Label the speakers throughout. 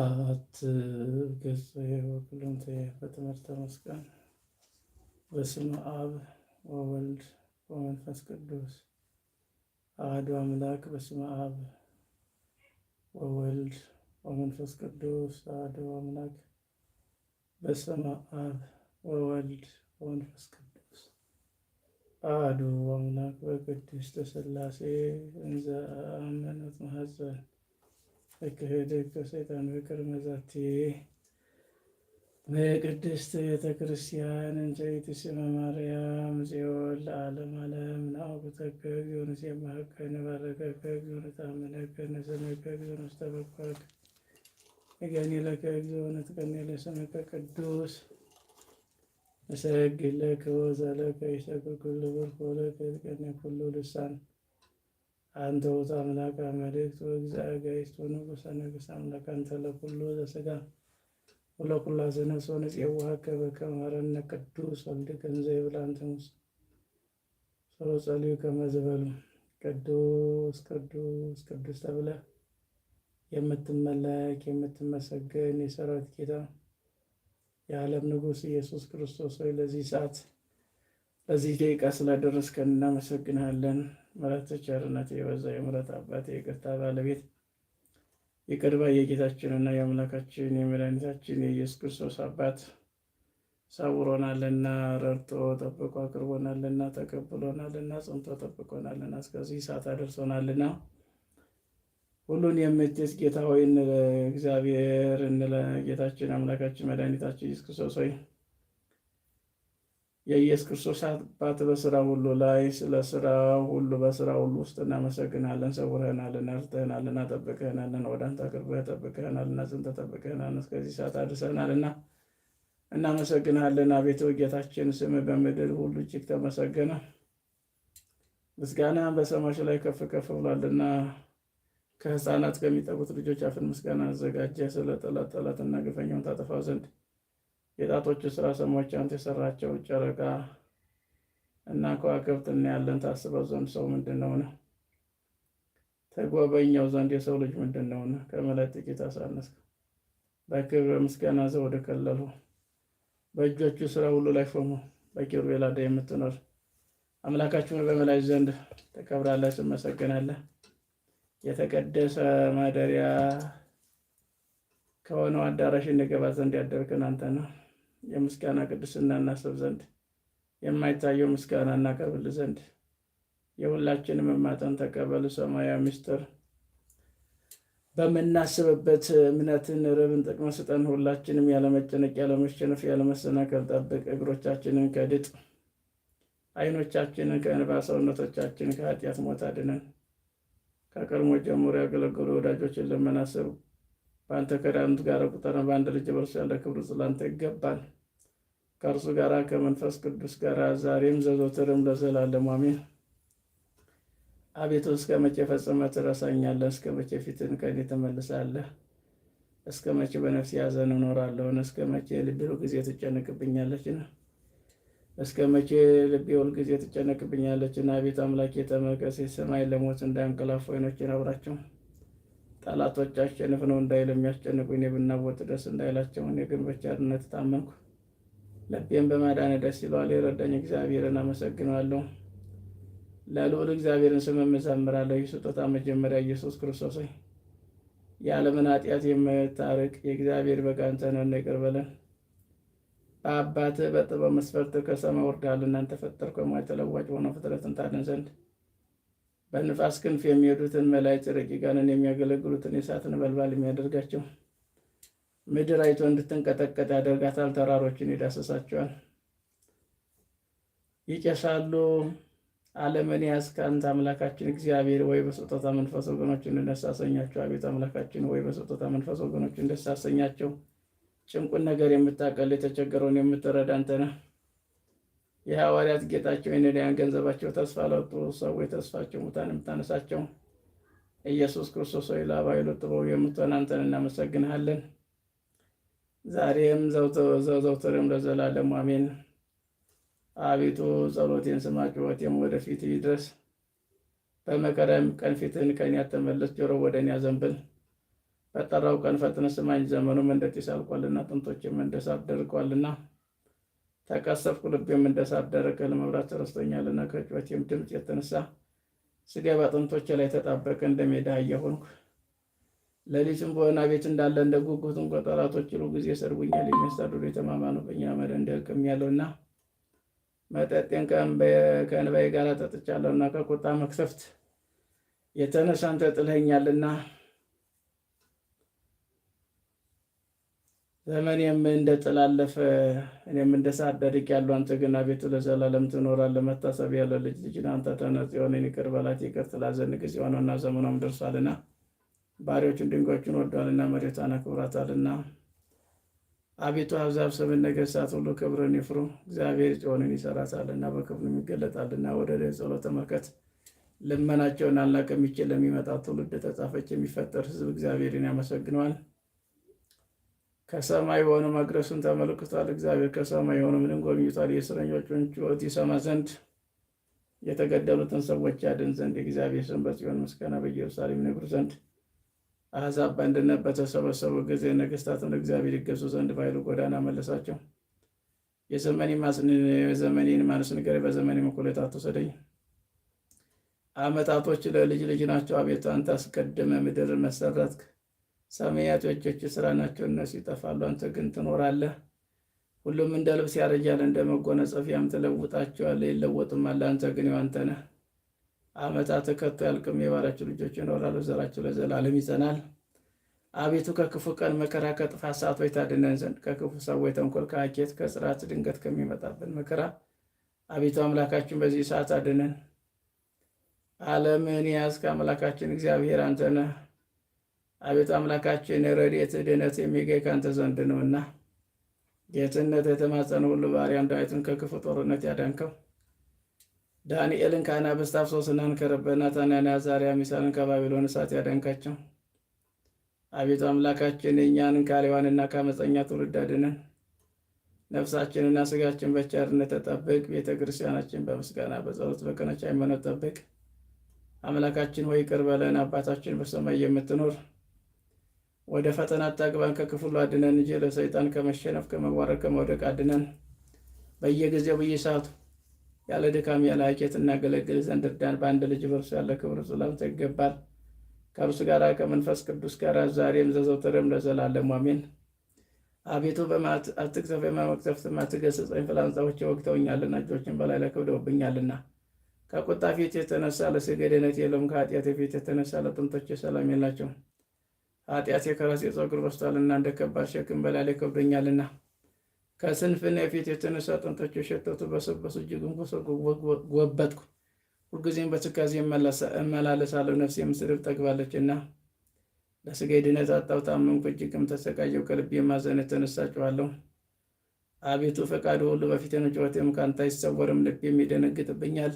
Speaker 1: አት ገጽ በትምህርተ መስቀል በስመ አብ ወወልድ ወመንፈስ ቅዱስ አሐዱ አምላክ በስመ አብ ወወልድ ወመንፈስ ቅዱስ አሐዱ አምላክ በስመ አብ ወወልድ ወመንፈስ ቅዱስ አሐዱ አምላክ በቅድስተ ሥላሴ እንዘ አመነት ማኅፀን እክህድ ከሰይጣን ፍቅር መዛቴ በቅድስት ቤተ ክርስቲያን እንዘይት ስመ ማርያም ጽዮን ለዓለም ዓለም ናቁተከ እግዚኦነ ሴማከነ ባረከከ እግዚኦነ ታመነከነ ሰመከ እግዚኦነ ስተበኳክ እገኒለከ እግዚኦነ ጥቀኔለ ሰመከ ቅዱስ እሰግድ ለከ ወዛለከ ኩሉ በርኮ ለከ ኩሉ ልሳን አንተ ውእቱ አምላከ አመድእቱ እግዚአ ገይስቱ ንጉሠ ነገሥት አምላከ አንተ ለኩሉ ዘሥጋ ወለኩሉ ነፍስ ወነፄውሃከ በከመ መሐረነ ቅዱስ ወልድ እንዘ ይብላ አንተ ሙሴ ጸሎተ ጸልዩ ከመ ቅዱስ ቅዱስ ቅዱስ ተብለ የምትመለክ የምትመሰገን የሰራዊት ጌታ የዓለም ንጉሥ ኢየሱስ ክርስቶስ ሆይ ለዚህ ሰዓት በዚህ ደቂቃ ስላደረስከን እናመሰግናለን። ምረት ቸርነት የበዛ የምረት አባት የይቅርታ ባለቤት ይቅርባ የጌታችንና የአምላካችን የመድኃኒታችን የኢየሱስ ክርስቶስ አባት ሰውሮናልና ረድቶ ጠብቆ አቅርቦናልና ተቀብሎናልና ጽንቶ ጠብቆናልና እስከዚህ ሰዓት አደርሶናልና ሁሉን የምትስ ጌታ ሆይ እግዚአብሔር እንለ ጌታችን አምላካችን መድኃኒታችን ኢየሱስ ክርስቶስ ሆይ የኢየሱስ ክርስቶስ አባት በስራ ሁሉ ላይ ስለ ስራ ሁሉ በስራ ሁሉ ውስጥ እናመሰግናለን። ሰውረህናልና፣ እርትህናልና፣ ጠብቀህናልና፣ ወደ አንተ አቅርበህ ጠብቀህናልና፣ ጽንተ ጠብቀህናልና፣ እስከዚህ ሰዓት አድርሰህናልና እናመሰግናለን። አቤቱ ጌታችን ስም በምድር ሁሉ እጅግ ተመሰገነ፣ ምስጋና በሰማች ላይ ከፍ ከፍ ብሏልና። ከህፃናት ከሚጠቡት ልጆች አፍን ምስጋና አዘጋጀ፣ ስለ ጠላት ጠላትና ግፈኛውን ታጠፋ ዘንድ የጣቶች ስራ ሰሞች አንተ የሰራቸው ጨረቃ እና ከዋክብት እናያለን። ታስበው ዘንድ ሰው ምንድን ነው ነው? ተጓበኛው ዘንድ የሰው ልጅ ምንድን ነው ነው? ከመላእክት ጥቂት አሳነስክ። በክብር ምስጋና ዘውድ ከለሉ በእጆቹ ስራ ሁሉ ላይ ሾሙ። በኪሩቤል አደባባይ የምትኖር አምላካችሁን በመላእክት ዘንድ ተከብራለህ፣ ትመሰገናለህ። የተቀደሰ ማደሪያ ከሆነው አዳራሽ እንገባ ዘንድ ያደርክን አንተ ነው። የምስጋና ቅድስና እናስብ ዘንድ የማይታየው ምስጋና እናቀርብል ዘንድ የሁላችንም ማጠን ተቀበል። ሰማያዊ ምስጢር በምናስብበት እምነትን ርብን ጥቅመ ስጠን። ሁላችንም ያለመጨነቅ፣ ያለመሸነፍ፣ ያለመሰናከል ጠብቅ። እግሮቻችንን ከድጥ አይኖቻችንን ከእንባ ሰውነቶቻችን ከኃጢአት ሞት አድነን። ከቀድሞ ጀምሮ ያገለገሉ ወዳጆችን ለመናስብ በአንተ ከዳኑት ጋር ቁጠረን በአንድ ልጅ በርሱ ያለ ክብር ስላንተ ይገባል። ከእርሱ ጋር ከመንፈስ ቅዱስ ጋር ዛሬም ዘወትርም ለዘላለም አሜን። አቤቱ እስከ መቼ ፈጽመ ትረሳኛለህ? እስከ መቼ ፊትን ከእኔ ትመልሳለህ? እስከ መቼ በነፍስ ያዘን እኖራለሁን? እስከ መቼ ልቤ ሁልጊዜ ትጨነቅብኛለችን? እስከ መቼ ልቤ ሁልጊዜ ትጨነቅብኛለችን? አቤቱ አምላኬ ተመልከት፣ ሰማይ ለሞት እንዳያንቀላፉ ዓይኖቼን አብራቸው ጠላቶች አሸንፍ ነው እንዳይል የሚያስጨንቁ እኔ ብናወጥ ደስ እንዳይላቸው እኔ ግን በቸርነት ታመንኩ። ልቤም በማዳን ደስ ይለዋል። የረዳኝ እግዚአብሔርን አመሰግነዋለሁ። ለልዑል እግዚአብሔርን ስም እመሰክራለሁ። ይህ ስጦታ መጀመሪያ ኢየሱስ ክርስቶስ ሆይ የዓለምን ኃጢአት የምታርቅ የእግዚአብሔር በግ አንተ ነህና ይቅር በለን። በአባትህ በጥበብ መስፈርት ከሰማይ ወርደሃል። እናንተ ፈጠርከው የማይተለዋጭ ሆነው ፍጥረትን ታድን ዘንድ በንፋስ ክንፍ የሚሄዱትን መላእክት ረቂቃንን የሚያገለግሉትን የእሳት ነበልባል የሚያደርጋቸው ምድር አይቶ እንድትንቀጠቀጥ ያደርጋታል። ተራሮችን ይዳሰሳቸዋል፣ ይጨሳሉ። ዓለምን ያስካንት አምላካችን እግዚአብሔር ወይ በስጦታ መንፈስ ወገኖችን እንደሳሰኛቸው። አቤት አምላካችን ወይ በስጦታ መንፈስ ወገኖችን እንደሳሰኛቸው። ጭንቁን ነገር የምታቀል የተቸገረውን የምትረዳ አንተ ነህ። የሐዋርያት ጌታቸው የነዳያን ገንዘባቸው ተስፋ ለወጡ ሰዎች ተስፋቸው ሙታን የምታነሳቸው ኢየሱስ ክርስቶስ ሆይ ላባይሎ ጥሩ የምትሆን አንተን እናመሰግንሃለን። ዛሬም ዘውትርም ለዘላለሙ አሜን። አቤቱ ጸሎቴን ስማ፣ ጩኸቴም ወደፊት ይድረስ። በመከራም ቀን ፊትህን ከእኔ አትመልስ፣ ጆሮ ወደ እኔ አዘንብል። በጠራው ቀን ፈጥነ ስማኝ። ዘመኑም እንደ ጢስ አልቋልና፣ አጥንቶችም እንደ ሳር ተቀሰፍኩ ልቤም እንደ ሳር ደረቀ። ለመብላት ተረስቶኛልና ከጩኸቴም ድምፅ የተነሳ ስጋ በአጥንቶቼ ላይ ተጣበቀ። እንደ ሜዳ አህያ ሆንኩ። ሌሊትም በወህኒ ቤት እንዳለ እንደ ጉጉት እንኳ ጠላቶች ሁሉ ጊዜ ይሰድቡኛል። የሚያሳድዱ የተማማሉብኝ አመድ ደቅም ያለውና መጠጤን ከእንባዬ ጋር ጠጥቻለሁና ከቁጣ መክሰፍት የተነሳን ተጥለኸኛልና ዘመኔም እንደ ጥላለፈ እኔም እንደ ደርቅ ያሉ አንተ ግን አቤቱ ለዘላለም ትኖራለህ። ለመታሰብ ያለ ልጅ ልጅ አንተ ተነጽ የሆነን ይቅር በላት ይቅር ትላዘን ጊዜ ሆነና ዘመኗም ደርሷልና ባሪዎቹን ድንጋዮቹን ወዷልና መሬቷን አክብሯታልና። አቤቱ አሕዛብ ስምን ነገሥታት ሁሉ ክብርን ይፍሩ። እግዚአብሔር ጽዮንን ይሰራታልና በክብሩም ይገለጣልና። ወደ ጸሎተ መለከት ልመናቸውን አልናቀም። የሚችል ለሚመጣ ትውልድ ተጻፈች። የሚፈጠር ህዝብ እግዚአብሔርን ያመሰግነዋል። ከሰማይ የሆነ መቅደሱን ተመልክቷል። እግዚአብሔር ከሰማይ የሆነ ምንም ጎብኝቷል። የእስረኞቹን ጩኸት ይሰማ ዘንድ የተገደሉትን ሰዎች ያድን ዘንድ እግዚአብሔር ስም በጽዮን ምስጋና በኢየሩሳሌም ይነግሩ ዘንድ አሕዛብ በአንድነት በተሰበሰቡ ጊዜ ነገስታትን እግዚአብሔር ይገዙ ዘንድ ባይሉ ጎዳና መለሳቸው። የዘመኔን ማነስ ንገረኝ፣ በዘመኔ መኮሌታ ተወሰደኝ ዓመታቶች ለልጅ ልጅ ናቸው። አቤቱ አንተ አስቀድመ ምድር መሰረትክ ሰማያት የእጆች ስራ ናቸው፣ እነሱ ይጠፋሉ፣ አንተ ግን ትኖራለህ። ሁሉም እንደ ልብስ ያረጃል፣ እንደ መጎናጸፊያም ትለውጣቸዋለህ፣ አለ አንተ ግን ያንተ ነህ። ዓመታት ከቶ ያልቅም፣ የባሪያቸው ልጆች ይኖራሉ፣ ዘራቸው ለዘላለም ይጸናል። አቤቱ ከክፉ ቀን መከራ፣ ከጥፋት ሰዓቶች ታድነን ዘንድ ከክፉ ሰዎች ተንኮል፣ ከአኬት ከጽራት ድንገት ከሚመጣብን መከራ አቤቱ አምላካችን በዚህ ሰዓት አድነን። ዓለምን ያዝከ አምላካችን እግዚአብሔር አንተ ነህ። አቤት አምላካችን ረድኤት ድኅነት የሚገኝ ከአንተ ዘንድ ነውና ጌትነት የተማጸነ ሁሉ ባሪያም ዳዊትን ከክፉ ጦርነት ያዳንከው ዳንኤልን ከአና በስታፍ ሶስናን ከረበና ታናና ዛሪያ ሚሳልን ከባቢሎን እሳት ያዳንካቸው አቤቱ አምላካችን እኛንን ካሌዋንና ከአመፀኛ ትውልድ አድነን። ነፍሳችንና ስጋችን በቸርነት ተጠብቅ። ቤተ ክርስቲያናችን በምስጋና በጸሎት በቀኖች ሃይማኖት ጠብቅ። አምላካችን ሆይ ይቅር በለን። አባታችን በሰማይ የምትኖር ወደ ፈተና አታግባን ከክፉሉ አድነን እንጂ ለሰይጣን ከመሸነፍ ከመዋረድ ከመውደቅ አድነን። በየጊዜው በየሰዓቱ ያለ ድካም ያለ ሀቄት እናገለግል ዘንድ እርዳን። በአንድ ልጅ በርሱ ያለ ክብር ሰላምታ ይገባል ከብሱ ጋር ከመንፈስ ቅዱስ ጋር ዛሬም ዘዘውትርም ለዘላለሙ አሜን። አቤቱ በመዓት አትቅሰፍ፣ በመቅሰፍትም አትገስጸኝ። ፍላጻዎቼ ወግተውኛልና እጆችን በላይ ለክብደውብኛልና ከቁጣ ፊት የተነሳ ለስገደነት የለም፣ ከኃጢአት ፊት የተነሳ ለጥንቶች ሰላም የላቸውም። ኃጢአቴ ከራሴ ፀጉር በስቷልና እንደ ከባድ ሸክም በላሌ ከብዶኛልና። ከስንፍና የፊት የተነሳ አጥንቶች የሸተቱ በሰበሱ እጅግን ጎበጥኩ። ሁልጊዜም በትካዜ እመላለሳለሁ። ነፍሴም ስድብ እና ለስጋ ድነት አጣው። ታመምኩ፣ እጅግም ተሰቃየሁ። ከልቤ ማዘን የተነሳ ጮኻለሁ። አቤቱ ፈቃድ ሁሉ በፊቴ ነው፣ ጩኸቴም ከአንተ አይሰወርም። ልቤም ይደነግጥብኛል።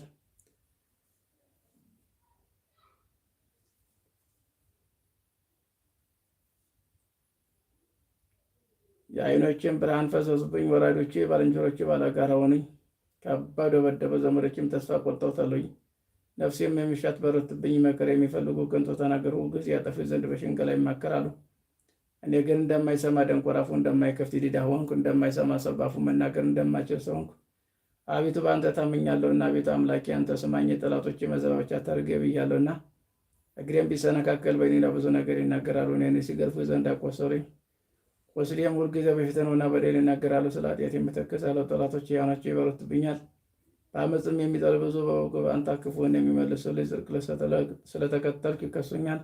Speaker 1: የአይኖችን ብርሃን ፈሰሱብኝ። ወራጆች ባልንጀሮቼ ባላጋራ ሆኑኝ። ከባድ ወበደበ ዘመዶችም ተስፋ ቆርጠው ተሉኝ። ነፍሴም የሚሻት በረቱብኝ። መከራ የሚፈልጉ ቅንጦ ተናገሩ፣ ግዝ ያጠፉ ዘንድ በሽንገላ ይማከራሉ። እኔ ግን እንደማይሰማ ደንቆራፉ እንደማይከፍት ዲዳ ሆንኩ። እንደማይሰማ ሰባፉ መናገር እንደማችል ሰው ሆንኩ። አቤቱ በአንተ ታምኛለሁና፣ አቤቱ አምላኬ አንተ ስማኝ። የጠላቶቼ መዘባበቻ ታድርግ ብያለሁና፣ እግሬም ቢሰነካከል በእኔ ብዙ ነገር ይናገራሉ። እኔን ሲገልፉ ዘንድ አቆሰሩኝ። ወስሌም ሁልጊዜ በፊት ነውና በደል ይናገራሉ። ስለ ኃጢአት የምተክሳለሁ። ጠላቶች ያናቸው ይበረቱብኛል። በአመፅም የሚጠል ብዙ በበጎ በአንተ ክፉን የሚመልስልኝ ጽድቅ ስለተከተልክ ይከሱኛል።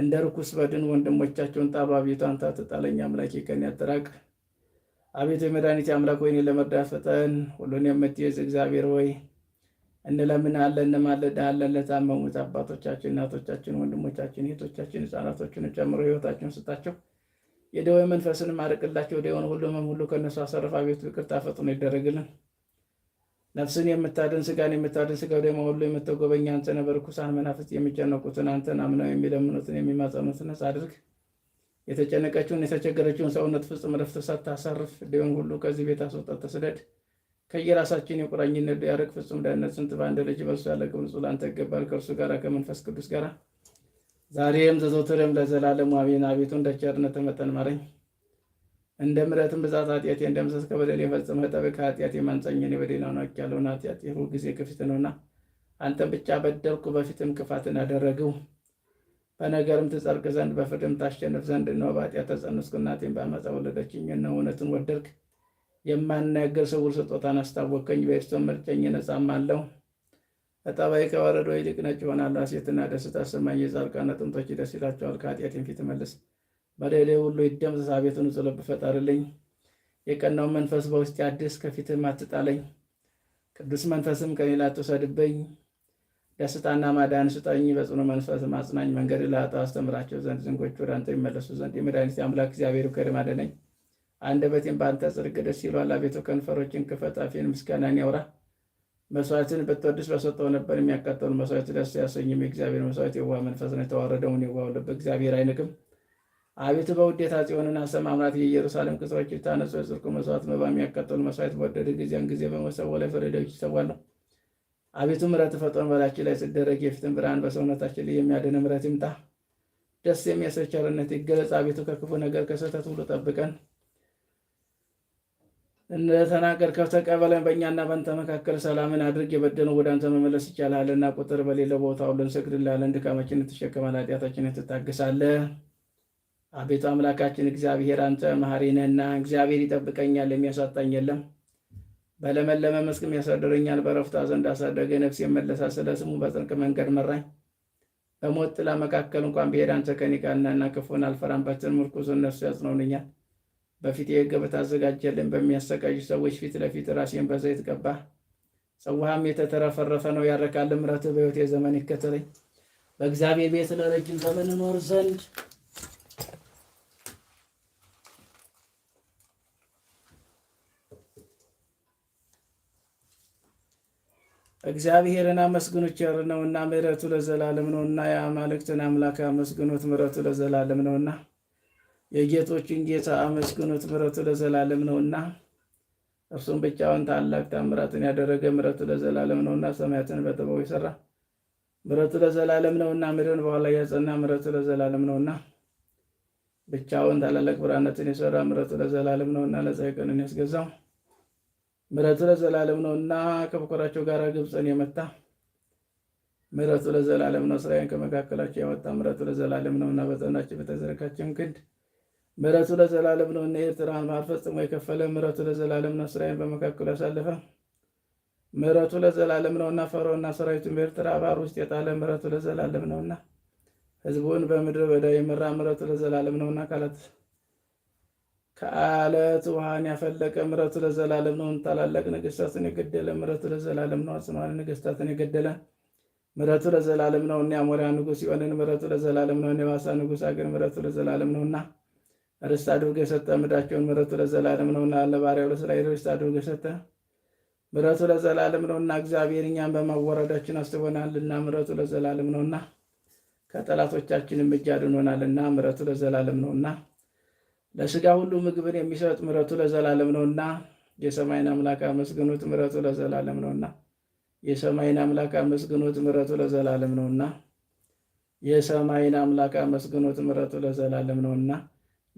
Speaker 1: እንደ ርኩስ በድን ወንድሞቻቸውን ጣባ። አቤቱ አንተ አትጣለኝ፣ አምላኬ ከኔ አትራቅ። አቤቱ የመድኃኒቴ አምላክ ወይኔ ለመርዳት ፍጠን። ሁሉን የምትይዝ እግዚአብሔር ሆይ እንለምንሃለን፣ እንማልድሃለን። ለታመሙት አባቶቻችን፣ እናቶቻችን፣ ወንድሞቻችን፣ እህቶቻችን፣ ህፃናቶችን ጨምሮ ህይወታችን ስጣቸው። የደዌ መንፈስን አርቅላቸው፣ ደዌን ሁሉ ሕመም ሁሉ ከእነሱ አሳርፍ። አቤቱ ይቅርታ ፈጥኖ ይደረግልን። ነፍስን የምታድን ስጋን የምታድን ስጋ ደሞ ሁሉ የምትጎበኝ አንተነ በርኩሳን መናፍስት የሚጨነቁትን አንተን አምነው የሚለምኑትን የሚማጸኑትን ነጻ አድርግ። የተጨነቀችውን የተቸገረችውን ሰውነት ፍጹም ረፍት ሳታሳርፍ ደዌን ሁሉ ከዚህ ቤት አስወጣ፣ ተስደድ ከየራሳችን የቁራኝነት ያርቅ። ፍጹም ዳነት ስንት በአንድ ልጅ በሱ ያለ ክብር ለአንተ ይገባል ከእርሱ ጋር ከመንፈስ ቅዱስ ጋራ ዛሬም ዘዘውትርም ለዘላለም አሜን። አቤቱ እንደ ቸርነት መጠን መረኝ፣ እንደ ምሕረትህም ብዛት ኃጢአቴ እንደምሰስከ በደል የፈጽመህ ጠብቅ። ኃጢአቴ ማንጸኝን የበደለው ናቅ ያለውን ኃጢአቴ ሁ ጊዜ ክፊት ነውና አንተም ብቻ በደልኩ፣ በፊትም ክፋትን አደረግሁ። በነገርም ትጸርቅ ዘንድ በፍርድም ታሸንፍ ዘንድ ነው። በኃጢአት ተጸነስኩ፣ እናቴም በዓመፃ ወለደችኝ። እነሆ እውነትን ወደድክ፣ የማናገር ስውር ስጦታን አስታወከኝ። በስቶ ምርጨኝ ነጻም አለው ከጠባይ ከወረዶ ይልቅ ነጭ ይሆናል። ሐሴትና ደስታ ሰማኝ። የጻድቃን አጥንቶች ደስ ይላቸዋል። ከኃጢአት ፊት መልስ በደሌ ሁሉ ይደምሰስ። አቤቱ ንጹሕ ልብ ፍጠርልኝ። የቀናውን መንፈስ በውስጤ አድስ። ከፊትም አትጣለኝ፣ ቅዱስ መንፈስም ከሌላ አትውሰድብኝ። ደስታና ማዳን ስጠኝ፣ በጽኑ መንፈስ አጽናኝ። መንገድ ላጣ አስተምራቸው ዘንድ ዝንጎች ወደ አንተ ይመለሱ ዘንድ የመድኃኒት አምላክ እግዚአብሔር ከደም አደነኝ። አንደበቴም በአንተ ጽድቅ ደስ ይሏል። አቤቱ ከንፈሮችን ክፈት፣ አፌን ምስጋናን ያውራ መስዋዕትን ብትወድስ በሰጠው ነበር። የሚያቃጠሉ መስዋዕት ደስ ያሰኝም። የእግዚአብሔር መስዋዕት የዋህ መንፈስ ነው። የተዋረደውን የዋህ ልብ እግዚአብሔር አይንቅም። አቤቱ በውዴታ ጽዮንን አሰብ፣ አምራት የኢየሩሳሌም ቅጥሮች ይታነጹ። የጽድቁ መስዋዕት መባ የሚያቃጠሉ መስዋዕት በወደደ ጊዜያን ጊዜ በመሰቦ ላይ ይሰዋል ነው። አቤቱ ምረት ፈጦን በላችን ላይ ስደረግ የፊትን ብርሃን በሰውነታችን ላይ የሚያድን ምረት ይምጣ። ደስ የሚያሰኝ ይገለጽ። አቤቱ ከክፉ ነገር ከስህተት ሁሉ ጠብቀን እንደተናገር ከተቀበለን በእኛና በአንተ መካከል ሰላምን አድርግ። የበደነው ወደ አንተ መመለስ ይቻላልና ቁጥር በሌለው ቦታ ሁሉ እንሰግድልሃለን። ድካማችንን ትሸከማለህ፣ ኃጢአታችንን ትታግሳለህ። አቤቱ አምላካችን እግዚአብሔር አንተ መሐሪ ነህና እግዚአብሔር ይጠብቀኛል፣ የሚያሳጣኝ የለም። በለመለመ መስክም ያሳደረኛል፣ በረፍታ ዘንድ አሳደገ። ነፍሴ የመለሳ ስለ ስሙ በጽድቅ መንገድ መራኝ። በሞት ጥላ መካከል እንኳን ብሄድ አንተ ከእኔ ጋር ነህና ክፉን አልፈራም። በትር ምርኩዝ እነርሱ ያጽናኑኛል። በፊት የገበታ አዘጋጀልን በሚያሰቃዩ ሰዎች ፊት ለፊት ራሴን በዘይት ቀባ። ጽዋህም የተተረፈረፈ ነው ያረካል። ምረት በሕይወቴ ዘመን ይከተለኝ። በእግዚአብሔር ቤት ለረጅም ዘመን እኖር ዘንድ እግዚአብሔርን አመስግኑ፣ ቸር ነውና ምሕረቱ ለዘላለም ነውና። የአማልክትን አምላክ አመስግኖት ምሕረቱ ለዘላለም ነውና። የጌቶችን ጌታ አመስግኑት፣ ምሕረቱ ለዘላለም ነውና። እርሱም ብቻውን ታላቅ ታምራትን ያደረገ ምሕረቱ ለዘላለም ነውና። ሰማያትን በጥበቡ የሰራ ምሕረቱ ለዘላለም ነውና። ምድርን በኋላ ያጸና ምሕረቱ ለዘላለም ነውና። ብቻውን ታላላቅ ብርሃናትን የሰራ ምሕረቱ ለዘላለም ነውና። ለፀሐይ ቀንን ያስገዛው ምሕረቱ ለዘላለም ነውና። ከበኵራቸው ጋር ግብፅን የመታ ምሕረቱ ለዘላለም ነው። እስራኤልን ከመካከላቸው ያወጣ ምሕረቱ ለዘላለም ነውና። በጸናች በተዘረጋችም ክንድ ምሕረቱ ለዘላለም ነው እና የኤርትራን ባህር ፈጽሞ የከፈለ ምሕረቱ ለዘላለም ነው። እስራኤልን በመካከሉ ያሳለፈ ምሕረቱ ለዘላለም ነው እና ፈርዖንና ሰራዊቱን በኤርትራ ባህር ውስጥ የጣለ ምሕረቱ ለዘላለም ነው እና ህዝቡን በምድረ በዳ የመራ ምሕረቱ ለዘላለም ነው እና ካላት ከአለት ውሃን ያፈለቀ ምሕረቱ ለዘላለም ነው። ታላላቅ ነገስታትን የገደለ ምሕረቱ ለዘላለም ነው። አጽማን ነገስታትን የገደለ ምሕረቱ ለዘላለም ነው እኒ አሞሪያ ንጉስ ሲሆንን ምሕረቱ ለዘላለም ነው። ባሳ ንጉስ አገር ምሕረቱ ለዘላለም እና ርስት አድርጎ የሰጠ ምዳቸውን ምሕረቱ ለዘላለም ነውና ለባሪያው ለእስራኤል ርስት አድርጎ የሰጠ ምሕረቱ ለዘላለም ነውና እግዚአብሔር እኛን በማዋረዳችን አስቦናልና ምሕረቱ ለዘላለም ነውና ከጠላቶቻችንም እጅ አድኖናልና ምሕረቱ ለዘላለም ነውና ለስጋ ሁሉ ምግብን የሚሰጥ ምሕረቱ ለዘላለም ነውና የሰማይን አምላክ አመስግኑት ምሕረቱ ለዘላለም ነውና የሰማይን አምላክ አመስግኑት ምሕረቱ ለዘላለም ነውና የሰማይን አምላክ አመስግኑት ምሕረቱ ለዘላለም ነውና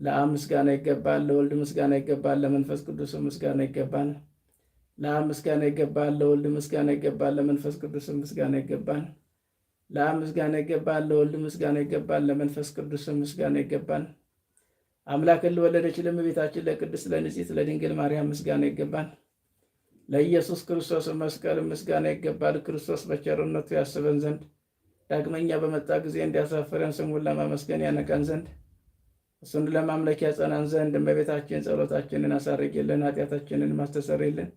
Speaker 1: ለአብ ምስጋና ይገባል፣ ለወልድ ምስጋና ይገባል፣ ለመንፈስ ቅዱስ ምስጋና ይገባል። ለአብ ምስጋና ይገባል፣ ለወልድ ምስጋና ይገባል፣ ለመንፈስ ቅዱስ ምስጋና ይገባል። ለአብ ምስጋና ይገባል፣ ለወልድ ምስጋና ይገባል፣ ለመንፈስ ቅዱስ ምስጋና ይገባል። አምላክን ለወለደች ለእመቤታችን ለቅድስት ለንጽሕት ለድንግል ማርያም ምስጋና ይገባል። ለኢየሱስ ክርስቶስ መስቀል ምስጋና ይገባል። ክርስቶስ በቸርነቱ ያስበን ዘንድ ዳግመኛ በመጣ ጊዜ እንዲያሳፍረን ስሙን ለማመስገን ያነቀን ዘንድ እሱን ለማምለክ ያጸናን ዘንድ እመቤታችን ጸሎታችንን አሳርግልን፣ ኃጢአታችንን ማስተሰርይልን፣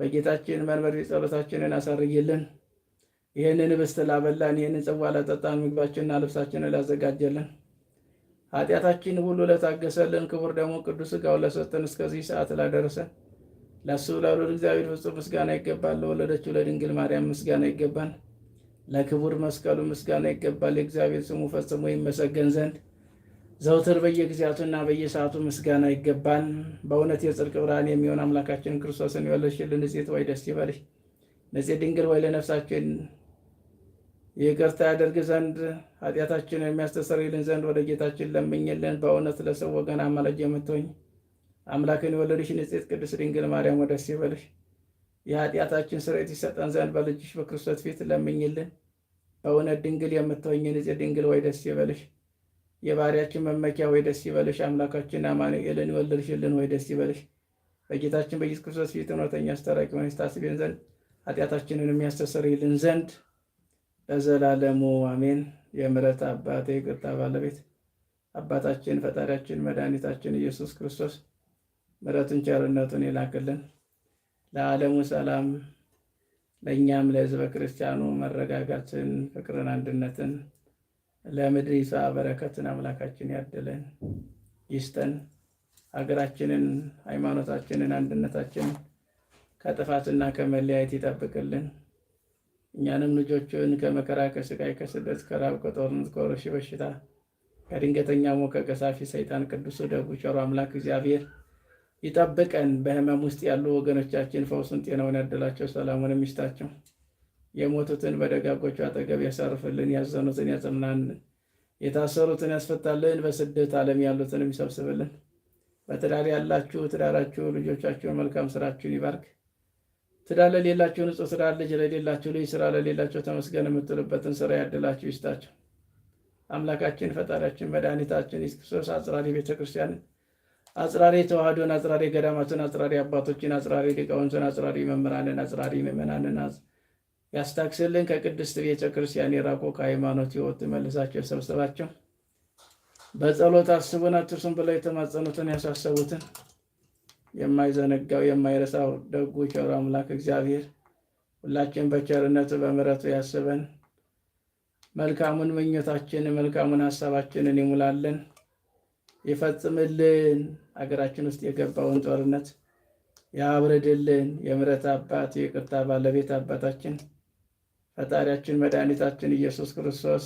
Speaker 1: በጌታችን መርመሪ ጸሎታችንን አሳርግልን። ይህንን ህብስት ላበላን፣ ይህንን ጽዋ ላጠጣን፣ ምግባችንና ልብሳችንን ላዘጋጀልን፣ ኃጢአታችን ሁሉ ለታገሰልን፣ ክቡር ደግሞ ቅዱስ ሥጋውን ለሰጠን፣ እስከዚህ ሰዓት ላደረሰን ለሱ ለልዑል እግዚአብሔር ፍጹም ምስጋና ይገባል። ለወለደችው ለድንግል ማርያም ምስጋና ይገባል። ለክቡር መስቀሉ ምስጋና ይገባል። የእግዚአብሔር ስሙ ፈጽሞ ይመሰገን ዘንድ ዘውትር በየጊዜያቱና በየሰዓቱ ምስጋና ይገባል። በእውነት የጽድቅ ብርሃን የሚሆን አምላካችን ክርስቶስን የወለድሽልን ንጽሕት ወይ ደስ ይበልሽ። ንጽሕት ድንግል ወይ ለነፍሳችን ይቅርታ ያደርግ ዘንድ ኃጢአታችን የሚያስተሰርይልን ዘንድ ወደ ጌታችን ለምኝልን። በእውነት ለሰው ወገን አማላጅ የምትሆኝ አምላክን የወለድሽ ንጽሕት ቅድስት ድንግል ማርያም ወይ ደስ ይበልሽ። የኃጢአታችን ስርየት ይሰጠን ዘንድ በልጅሽ በክርስቶስ ፊት ለምኝልን። በእውነት ድንግል የምትሆኝ ንጽሕት ድንግል ወይ ደስ ይበልሽ። የባሪያችን መመኪያ ወይ ደስ ይበልሽ። አምላካችን አማኑኤልን ወለድሽልን ወይ ደስ ይበልሽ። በጌታችን በኢየሱስ ክርስቶስ ፊት እውነተኛ አስታራቂ ሆነሽ ታስቢን ዘንድ ኃጢአታችንን የሚያስተሰርይልን ዘንድ ለዘላለሙ አሜን። የምሕረት አባት ይቅርታ ባለቤት አባታችን ፈጣሪያችን መድኃኒታችን ኢየሱስ ክርስቶስ ምሕረቱን ቸርነቱን ይላክልን ለዓለሙ ሰላም ለእኛም ለሕዝበ ክርስቲያኑ መረጋጋትን፣ ፍቅርን፣ አንድነትን ለምድር ይዛ በረከትን አምላካችን ያደለን ይስጠን። ሀገራችንን፣ ሃይማኖታችንን፣ አንድነታችንን ከጥፋትና ከመለያየት ይጠብቅልን። እኛንም ልጆችን ከመከራ፣ ከስቃይ፣ ከስደት፣ ከራብ፣ ከጦርነት፣ ከወረሽ በሽታ፣ ከድንገተኛ ሞት፣ ከገሳፊ ሰይጣን ቅዱሱ ደጉ ቸሩ አምላክ እግዚአብሔር ይጠብቀን። በህመም ውስጥ ያሉ ወገኖቻችን ፈውሱን፣ ጤናውን ያደላቸው፣ ሰላሙን የሚስጣቸው የሞቱትን በደጋጎቹ አጠገብ ያሳርፍልን፣ ያዘኑትን ያጽናናልን፣ የታሰሩትን ያስፈታልን፣ በስደት ዓለም ያሉትን ይሰብስብልን። በትዳር ያላችሁ ትዳራችሁ፣ ልጆቻችሁን መልካም ስራችሁን ይባርክ። ትዳር ለሌላችሁ ንጹህ ትዳር፣ ልጅ ለሌላችሁ ልጅ፣ ስራ ለሌላችሁ ተመስገን የምትሉበትን ስራ ያድላችሁ ይስጣችሁ። አምላካችን ፈጣሪያችን መድኃኒታችን ኢየሱስ ክርስቶስ አጽራሪ ቤተክርስቲያንን አጽራሪ ተዋህዶን አጽራሪ ገዳማትን አጽራሪ አባቶችን አጽራሪ ሊቃውንትን አጽራሪ መምህራንን አጽራሪ ምእመናንን ያስታክስልን። ከቅድስት ቤተ ክርስቲያን የራቁ ከሃይማኖት ሕይወት መልሳቸው የሰብስባቸው በጸሎት አስቡን አትርሱን ብለው የተማጸኑትን ያሳሰቡትን የማይዘነጋው የማይረሳው ደጉ ቸሩ አምላክ እግዚአብሔር ሁላችን በቸርነቱ በምሕረቱ ያስበን፣ መልካሙን ምኞታችን መልካሙን ሀሳባችንን ይሙላልን፣ ይፈጽምልን። አገራችን ውስጥ የገባውን ጦርነት ያብርድልን። የምሕረት አባት የይቅርታ ባለቤት አባታችን ፈጣሪያችን መድኃኒታችን ኢየሱስ ክርስቶስ